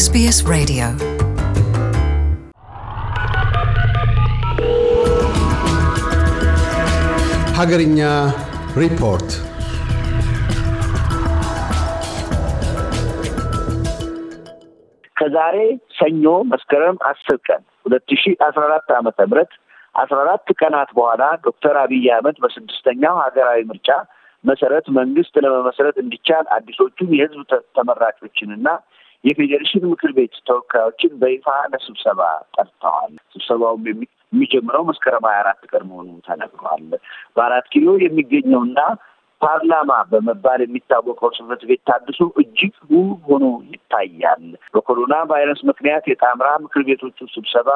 ኤስቢኤስ Radio. ሀገርኛ ሪፖርት ከዛሬ ሰኞ መስከረም አስር ቀን ሁለት ሺ አስራ አራት ዓመተ ምህረት አስራ አራት ቀናት በኋላ ዶክተር አብይ አህመድ በስድስተኛው ሀገራዊ ምርጫ መሰረት መንግስት ለመመስረት እንዲቻል አዲሶቹ የህዝብ ተመራጮችንና የፌዴሬሽን ምክር ቤት ተወካዮችን በይፋ ለስብሰባ ጠርተዋል። ስብሰባውም የሚጀምረው መስከረም ሀያ አራት ቀን መሆኑ ተነግሯል። በአራት ኪሎ የሚገኘውና ፓርላማ በመባል የሚታወቀው ጽሕፈት ቤት ታድሶ እጅግ ውብ ሆኖ ይታያል። በኮሮና ቫይረስ ምክንያት የጣምራ ምክር ቤቶቹ ስብሰባ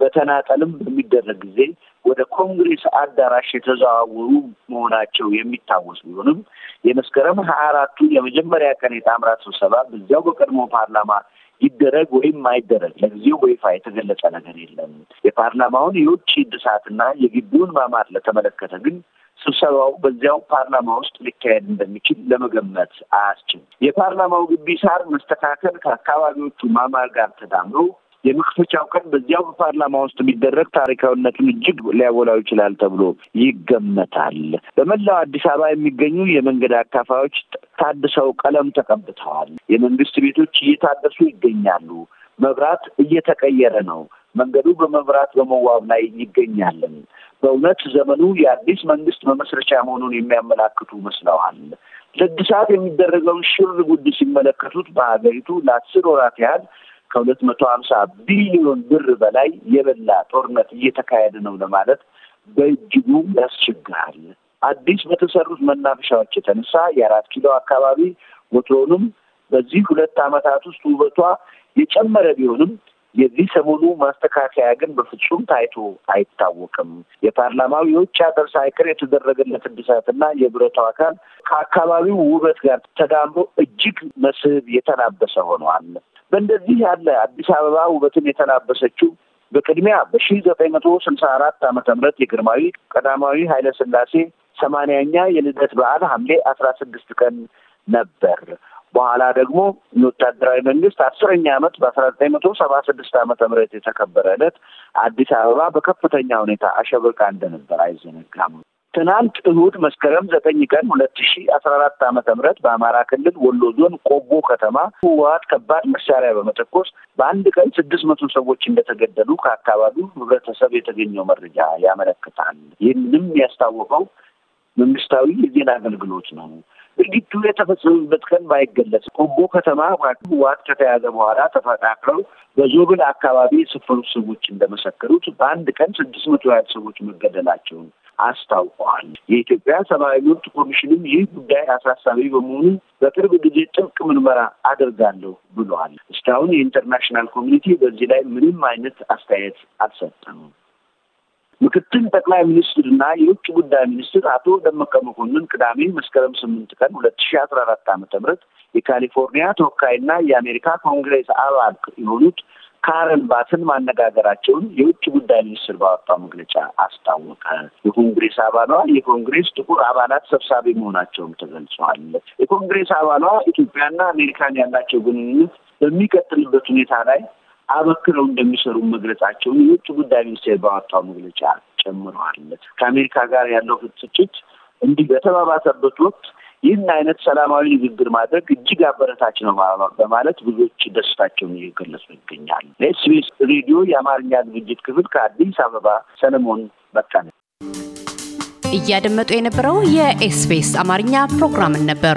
በተናጠልም በሚደረግ ጊዜ ወደ ኮንግሬስ አዳራሽ የተዘዋወሩ መሆናቸው የሚታወስ ቢሆንም የመስከረም ሀያ አራቱ የመጀመሪያ ቀን የጣምራ ስብሰባ በዚያው በቀድሞ ፓርላማ ይደረግ ወይም አይደረግ ለጊዜው በይፋ የተገለጸ ነገር የለም። የፓርላማውን የውጭ እድሳትና የግቢውን ማማር ለተመለከተ ግን ስብሰባው በዚያው ፓርላማ ውስጥ ሊካሄድ እንደሚችል ለመገመት አያስችም። የፓርላማው ግቢ ሳር መስተካከል ከአካባቢዎቹ ማማር ጋር ተዳምሮ የመክፈቻው ቀን በዚያው በፓርላማ ውስጥ ቢደረግ ታሪካዊነቱን እጅግ ሊያጎላው ይችላል ተብሎ ይገመታል። በመላው አዲስ አበባ የሚገኙ የመንገድ አካፋዮች ታድሰው ቀለም ተቀብተዋል። የመንግስት ቤቶች እየታደሱ ይገኛሉ። መብራት እየተቀየረ ነው። መንገዱ በመብራት በመዋብ ላይ ይገኛልን። በእውነት ዘመኑ የአዲስ መንግስት መመስረቻ መሆኑን የሚያመላክቱ መስለዋል። ለእድሳት የሚደረገውን ሽር ጉድ ሲመለከቱት በሀገሪቱ ለአስር ወራት ያህል ከሁለት መቶ ሀምሳ ቢሊዮን ብር በላይ የበላ ጦርነት እየተካሄደ ነው ለማለት በእጅጉ ያስቸግራል። አዲስ በተሰሩት መናፈሻዎች የተነሳ የአራት ኪሎ አካባቢ ወትሮንም በዚህ ሁለት ዓመታት ውስጥ ውበቷ የጨመረ ቢሆንም የዚህ ሰሞኑ ማስተካከያ ግን በፍጹም ታይቶ አይታወቅም። የፓርላማው የውጭ ሀገር ሳይቀር የተደረገለት እድሳትና የብረቱ አካል ከአካባቢው ውበት ጋር ተዳምሮ እጅግ መስህብ የተላበሰ ሆነዋል። በእንደዚህ ያለ አዲስ አበባ ውበትን የተላበሰችው በቅድሚያ በሺ ዘጠኝ መቶ ስልሳ አራት ዓመተ ምህረት የግርማዊ ቀዳማዊ ኃይለ ስላሴ ሰማንያኛ የልደት በዓል ሐምሌ አስራ ስድስት ቀን ነበር። በኋላ ደግሞ የወታደራዊ መንግስት አስረኛ ዓመት በአስራ ዘጠኝ መቶ ሰባ ስድስት አመተ ምህረት የተከበረ ዕለት አዲስ አበባ በከፍተኛ ሁኔታ አሸብርቃ እንደነበር አይዘነጋም። ትናንት እሁድ መስከረም ዘጠኝ ቀን ሁለት ሺ አስራ አራት አመተ ምህረት በአማራ ክልል ወሎ ዞን ቆቦ ከተማ ህወሀት ከባድ መሳሪያ በመተኮስ በአንድ ቀን ስድስት መቶ ሰዎች እንደተገደሉ ከአካባቢው ህብረተሰብ የተገኘው መረጃ ያመለክታል። ይህንም ያስታወቀው መንግስታዊ የዜና አገልግሎት ነው። ድርጊቱ የተፈጸመበት ቀን ባይገለጽ ቆቦ ከተማ ዋት ከተያዘ በኋላ ተፈናቅለው በዞብል አካባቢ የሰፈሩ ሰዎች እንደመሰከሩት በአንድ ቀን ስድስት መቶ ያህል ሰዎች መገደላቸውን አስታውቀዋል። የኢትዮጵያ ሰብአዊ መብት ኮሚሽንም ይህ ጉዳይ አሳሳቢ በመሆኑ በቅርብ ጊዜ ጥብቅ ምርመራ አደርጋለሁ ብለዋል። እስካሁን የኢንተርናሽናል ኮሚኒቲ በዚህ ላይ ምንም አይነት አስተያየት አልሰጠም። ምክትል ጠቅላይ ሚኒስትርና የውጭ ጉዳይ ሚኒስትር አቶ ደመቀ መኮንን ቅዳሜ መስከረም ስምንት ቀን ሁለት ሺ አስራ አራት ዓመተ ምህረት የካሊፎርኒያ ተወካይና የአሜሪካ ኮንግሬስ አባል የሆኑት ካረን ባትን ማነጋገራቸውን የውጭ ጉዳይ ሚኒስትር ባወጣው መግለጫ አስታወቀ። የኮንግሬስ አባሏ የኮንግሬስ ጥቁር አባላት ሰብሳቢ መሆናቸውም ተገልጸዋል። የኮንግሬስ አባሏ ኢትዮጵያና አሜሪካን ያላቸው ግንኙነት በሚቀጥልበት ሁኔታ ላይ አበክረው እንደሚሰሩ መግለጻቸውን የውጭ ጉዳይ ሚኒስቴር ባወጣው መግለጫ ጨምረዋል። ከአሜሪካ ጋር ያለው ፍጥጫ እንዲህ በተባባሰበት ወቅት ይህን አይነት ሰላማዊ ንግግር ማድረግ እጅግ አበረታች ነው በማለት ብዙዎች ደስታቸውን እየገለጹ ይገኛል። ለኤስቢኤስ ሬዲዮ የአማርኛ ዝግጅት ክፍል ከአዲስ አበባ ሰለሞን በቃ። እያደመጡ የነበረው የኤስቢኤስ አማርኛ ፕሮግራምን ነበር።